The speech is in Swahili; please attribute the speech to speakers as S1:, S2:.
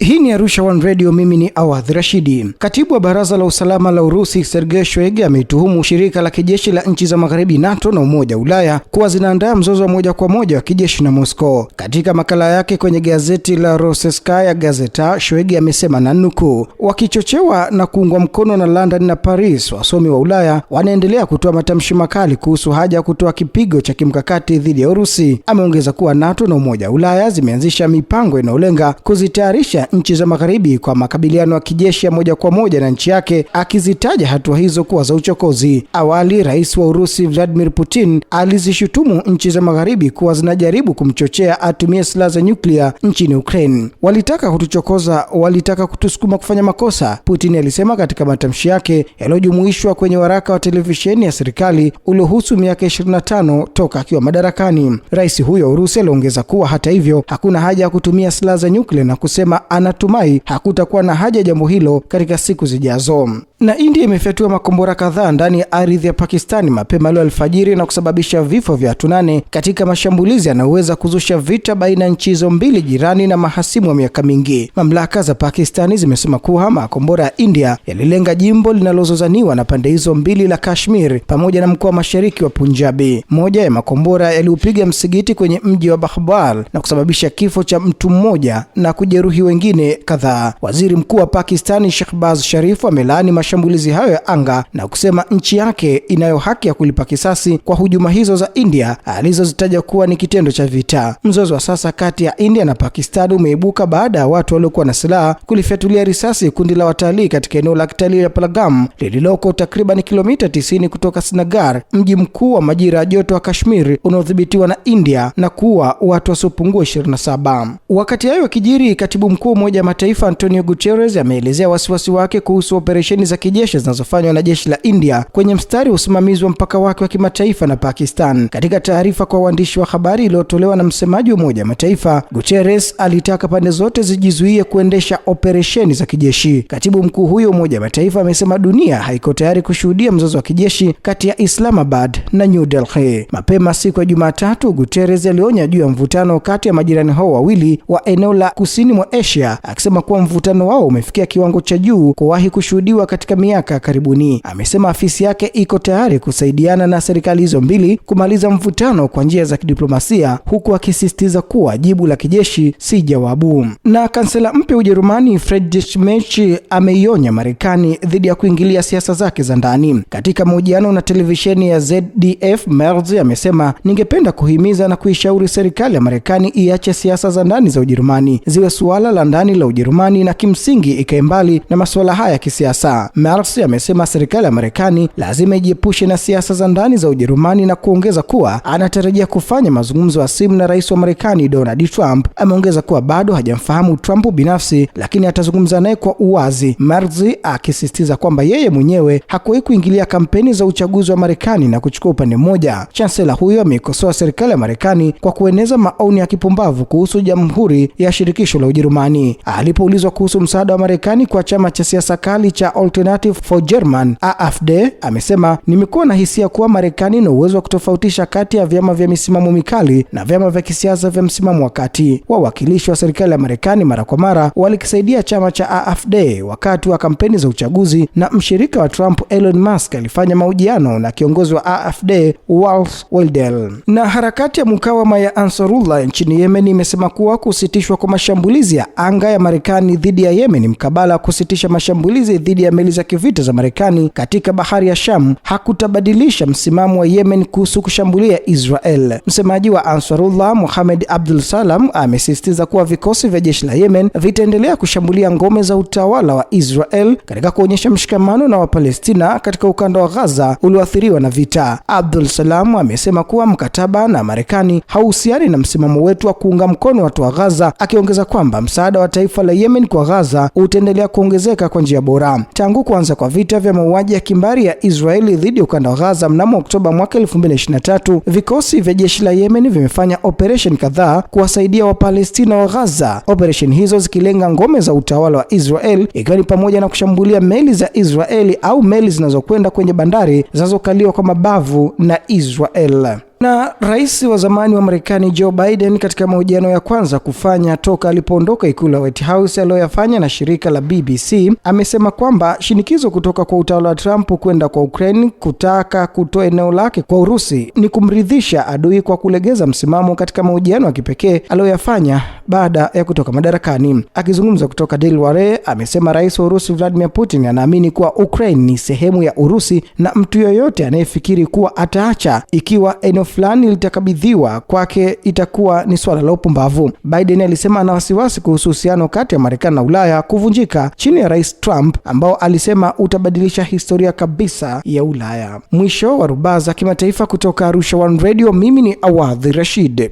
S1: Hii ni Arusha One Radio, mimi ni Awadh Rashidi. Katibu wa Baraza la Usalama la Urusi, Sergei Shoigu, ameituhumu shirika la kijeshi la nchi za Magharibi, NATO na Umoja wa Ulaya kuwa zinaandaa mzozo wa moja kwa moja wa kijeshi na Moscow. Katika makala yake kwenye gazeti la Rosseskaya Gazeta, Shoigu amesema na nukuu, wakichochewa na kuungwa mkono na London na Paris, wasomi wa Ulaya wanaendelea kutoa matamshi makali kuhusu haja ya kutoa kipigo cha kimkakati dhidi ya Urusi. Ameongeza kuwa NATO na Umoja wa Ulaya zimeanzisha mipango inayolenga kuzitayarisha nchi za Magharibi kwa makabiliano ya kijeshi ya moja kwa moja na nchi yake, akizitaja hatua hizo kuwa za uchokozi. Awali, rais wa Urusi Vladimir Putin alizishutumu nchi za Magharibi kuwa zinajaribu kumchochea atumie silaha za nyuklia nchini Ukraine. Walitaka kutuchokoza, walitaka kutusukuma kufanya makosa, Putin alisema katika matamshi yake yaliyojumuishwa kwenye waraka wa televisheni ya serikali uliohusu miaka 25 toka akiwa madarakani. Rais huyo Urusi aliongeza kuwa hata hivyo hakuna haja ya kutumia silaha za nyuklia na kusema anatumai hakutakuwa na haja ya jambo hilo katika siku zijazo. Na India imefyatua makombora kadhaa ndani ya ardhi ya Pakistani mapema leo alfajiri na kusababisha vifo vya watu nane katika mashambulizi yanayoweza kuzusha vita baina ya nchi hizo mbili jirani na mahasimu wa miaka mingi. Mamlaka za Pakistani zimesema kuwa makombora ya India yalilenga jimbo linalozozaniwa na pande hizo mbili la Kashmir pamoja na mkoa wa mashariki wa Punjabi. Moja ya makombora yaliupiga msikiti kwenye mji wa bahbal na kusababisha kifo cha mtu mmoja na kujeruhi wengine nyingine kadhaa. Waziri Mkuu wa Pakistani Shehbaz Sharif amelaani mashambulizi hayo ya anga na kusema nchi yake inayo haki ya kulipa kisasi kwa hujuma hizo za India alizozitaja kuwa ni kitendo cha vita. Mzozo wa sasa kati ya India na Pakistani umeibuka baada ya watu waliokuwa na silaha kulifyatulia risasi kundi la watalii katika eneo la kitalii la Palagam lililoko takriban kilomita 90 kutoka Srinagar, mji mkuu wa majira ya joto wa Kashmir unaodhibitiwa na India na kuua watu wasiopungua 27. Wakati hayo wakijiri, katibu mkuu Umoja wa Mataifa Antonio Guterres ameelezea wasiwasi wake kuhusu operesheni za kijeshi zinazofanywa na jeshi la India kwenye mstari wa usimamizi wa mpaka wake wa kimataifa na Pakistan. Katika taarifa kwa waandishi wa habari iliyotolewa na msemaji wa Umoja wa Mataifa, Guterres alitaka pande zote zijizuie kuendesha operesheni za kijeshi. Katibu mkuu huyo Umoja wa Mataifa amesema dunia haiko tayari kushuhudia mzozo wa kijeshi kati ya Islamabad na New Delhi. Mapema siku ya Jumatatu, Guterres alionya juu ya mvutano kati ya majirani hao wawili wa eneo la kusini mwa Asia Chakwera akisema kuwa mvutano wao umefikia kiwango cha juu kuwahi kushuhudiwa katika miaka karibuni. Amesema afisi yake iko tayari kusaidiana na serikali hizo mbili kumaliza mvutano kwa njia za kidiplomasia, huku akisisitiza kuwa jibu la kijeshi si jawabu. Na kansela mpya Ujerumani Friedrich Merz ameionya Marekani dhidi ya kuingilia siasa zake za ndani. Katika mahojiano na televisheni ya ZDF, Merz amesema, ningependa kuhimiza na kuishauri serikali ya Marekani iache siasa za ndani za Ujerumani ziwe suala la ndani la Ujerumani na kimsingi ikae mbali na masuala haya ya kisiasa. Marx amesema serikali ya Marekani lazima ijiepushe na siasa za ndani za Ujerumani na kuongeza kuwa anatarajia kufanya mazungumzo ya simu na rais wa Marekani Donald Trump. Ameongeza kuwa bado hajamfahamu Trump binafsi, lakini atazungumza naye kwa uwazi, Marx akisisitiza kwamba yeye mwenyewe hakuwahi kuingilia kampeni za uchaguzi wa Marekani na kuchukua upande mmoja. chancela huyo ameikosoa serikali ya Marekani kwa kueneza maoni ya kipumbavu kuhusu Jamhuri ya Shirikisho la Ujerumani. Alipoulizwa kuhusu msaada wa Marekani kwa chama cha siasa kali cha Alternative for German AfD, amesema nimekuwa na hisia kuwa Marekani ina uwezo wa kutofautisha kati ya vyama vya misimamo mikali na vyama vya kisiasa vya msimamo wa kati. Wawakilishi wa serikali ya Marekani mara kwa mara walikisaidia chama cha AfD wakati wa kampeni za uchaguzi, na mshirika wa Trump Elon Musk alifanya mahojiano na kiongozi wa AfD Walt Wildel. Na harakati ya mukawama ya Ansarullah nchini Yemen imesema kuwa kusitishwa kwa mashambulizi ya anga anga ya Marekani dhidi ya Yemen mkabala kusitisha mashambulizi dhidi ya meli za kivita za Marekani katika bahari ya Sham hakutabadilisha msimamo wa Yemen kuhusu kushambulia Israel. Msemaji wa Ansarullah Mohamed Abdul Salam amesisitiza kuwa vikosi vya jeshi la Yemen vitaendelea kushambulia ngome za utawala wa Israel katika kuonyesha mshikamano na Wapalestina katika ukanda wa Gaza ulioathiriwa na vita. Abdul Salam amesema kuwa mkataba na Marekani hauhusiani na msimamo wetu wa kuunga mkono watu wa Gaza, akiongeza kwamba msaada msaada wa taifa la Yemen kwa Gaza utaendelea kuongezeka kwa njia bora. Tangu kuanza kwa vita vya mauaji ya kimbari ya Israeli dhidi ya ukanda wa Gaza mnamo Oktoba mwaka 2023, vikosi vya jeshi la Yemen vimefanya operesheni kadhaa kuwasaidia Wapalestina wa Gaza. Operesheni hizo zikilenga ngome za utawala wa Israel, ikiwa ni pamoja na kushambulia meli za Israeli au meli zinazokwenda kwenye bandari zinazokaliwa kwa mabavu na Israel. Na rais wa zamani wa Marekani Joe Biden katika mahojiano ya kwanza kufanya toka alipoondoka ikulu ya White House aliyoyafanya na shirika la BBC amesema kwamba shinikizo kutoka kwa utawala wa Trump kwenda kwa Ukraine kutaka kutoa eneo lake kwa Urusi ni kumridhisha adui kwa kulegeza msimamo katika mahojiano ya kipekee aliyoyafanya baada ya kutoka madarakani. Akizungumza kutoka Delaware, amesema rais wa Urusi Vladimir Putin anaamini kuwa Ukraine ni sehemu ya Urusi na mtu yoyote anayefikiri kuwa ataacha ikiwa eneo fulani litakabidhiwa kwake itakuwa ni swala la upumbavu. Biden alisema ana wasiwasi kuhusu uhusiano kati ya Marekani na Ulaya kuvunjika chini ya Rais Trump ambao alisema utabadilisha historia kabisa ya Ulaya. Mwisho wa rubaa za kimataifa kutoka Arusha One Radio, mimi ni Awadhi Rashid.